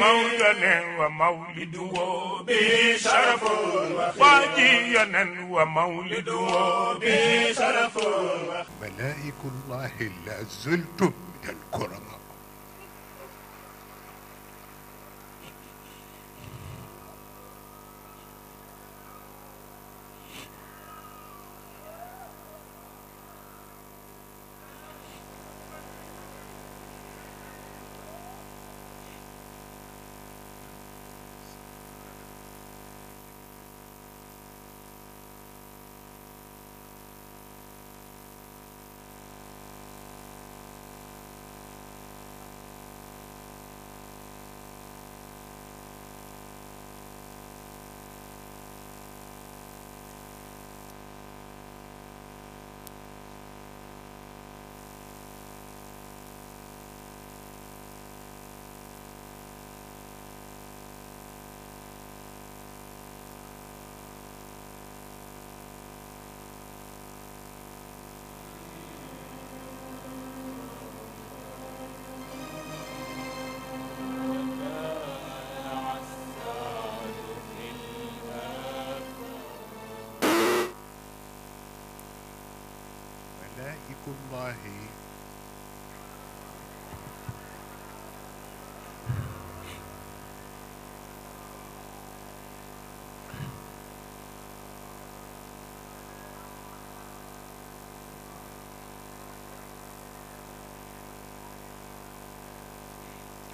يونن ومولده به شرف وادي يونن ومولده به شرف ملائك الله لا زلتم من الكرم Wallahi.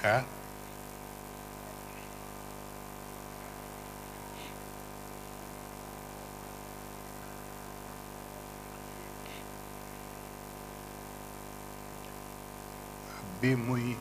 Huh? bi muy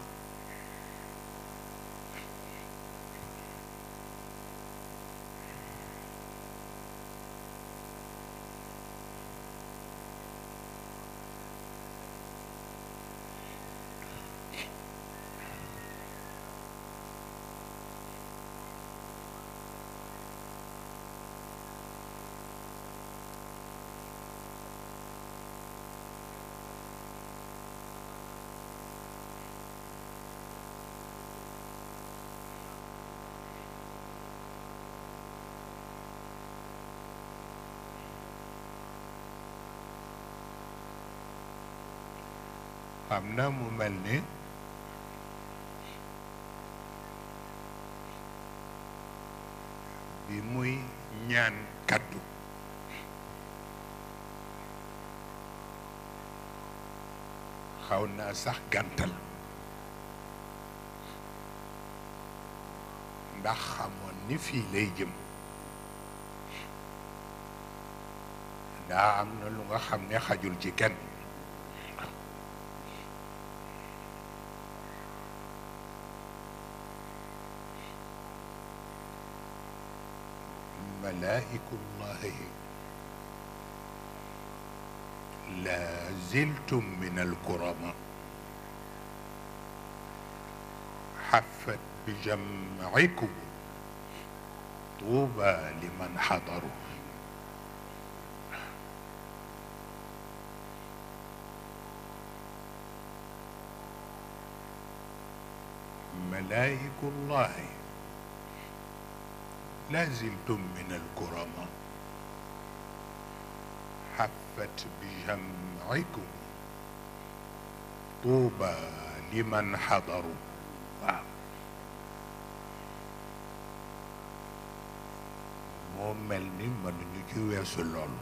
am na mu mel ni bi muy ñaan kaddu xaw naa sax gàntal ndax xamoon ni fii lay jëm daa am na lu nga xam ne xajul ci kenn ملائك الله لا زلتم من الكرماء حفت بجمعكم طوبى لمن حضروا ملائك الله لا زلتم من الكرماء حفت بجمعكم طوبى لمن حضروا moo mel ni mënuñu ci weesu loolu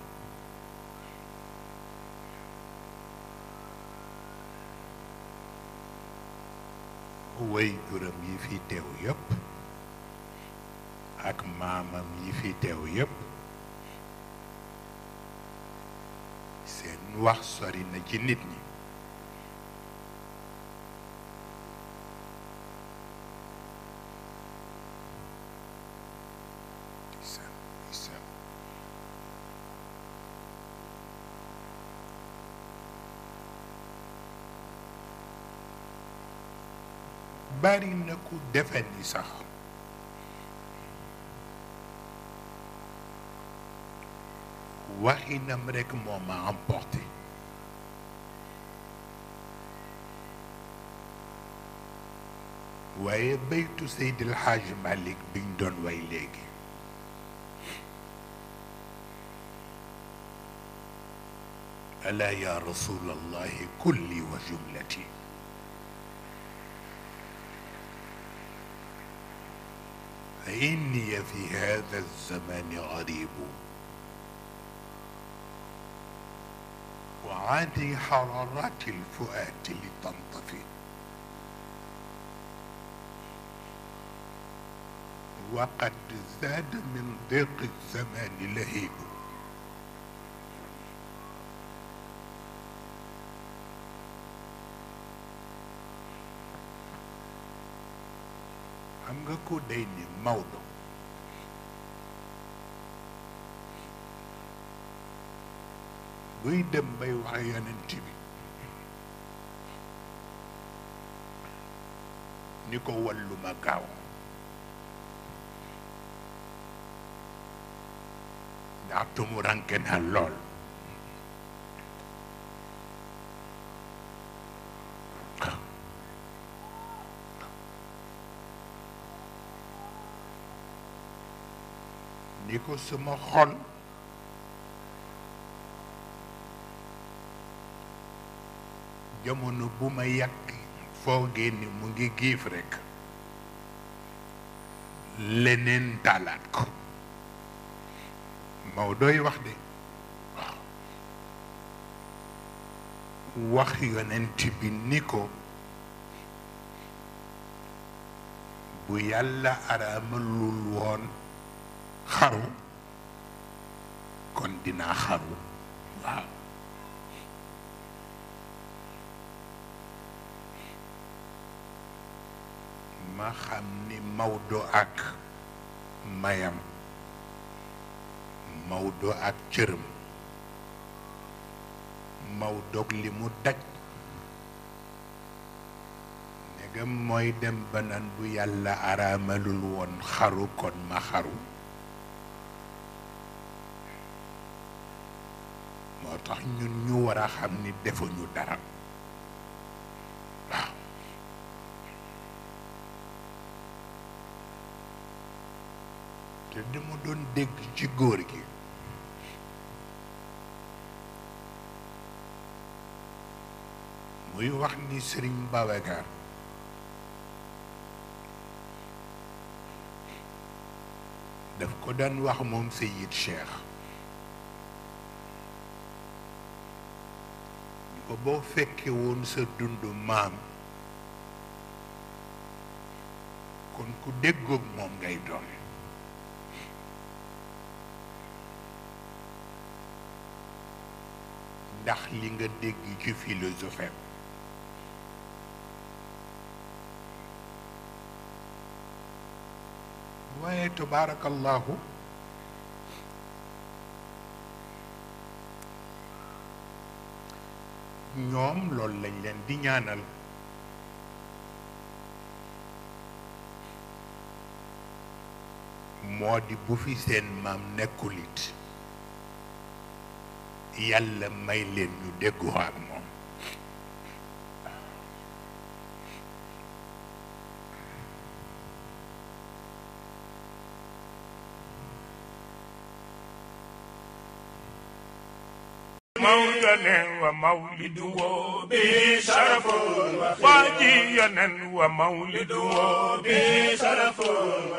way juram yi fi teew yépp ak maamam yi fi teew yépp seen wax sori na ci nit ñi bari na ku defe ni sax waxinam rekk moo ma emporté waaye baytu Seydil Hadj Malick biñ doon way léegi ala ya rasul allahi kulli wa jumlati fa inni fi hada alzamani garibu أبعد حرارة الفؤاد لتنطفئ وقد زاد من ضيق الزمان لهيب xam nga ko day ni Maodo buy dem bay wax yonent bi ni ko wallu ma gaaw ndax tumu ranke na lool ni ko sama xol jamono bu ma yàgg foogee ni mu ngi giif rekk leneen taalaat ko Maodo dooy wax de waaw wax yonent bi ni ko bu yàlla araamalul woon xaru kon dinaa xaru waaw ma xam ni Maodo ak mayam Maodo ak cërëm Maodo li mu daj ndegam mooy dem banan bu yàlla araamalul woon xaru kon ma xaru moo tax ñun ñu wara xam ni defuñu dara te li mu doon dégg ci góor gi muy wax ni sëriñ Babacar daf ko daan wax moom Seyid Cheikh ñu ko boo fekkee woon sa dundu maam kon ku déggoog moom ngay doon ndax li nga dégg ci philosophie waaye tabaarakallaahu ñoom lool lañ leen di ñaanal moo di bu fi seen maam nekkulit yàlla may leen ñu déggoo ak moom مولنا ومولده بشرف وحدي ينن ومولده بشرف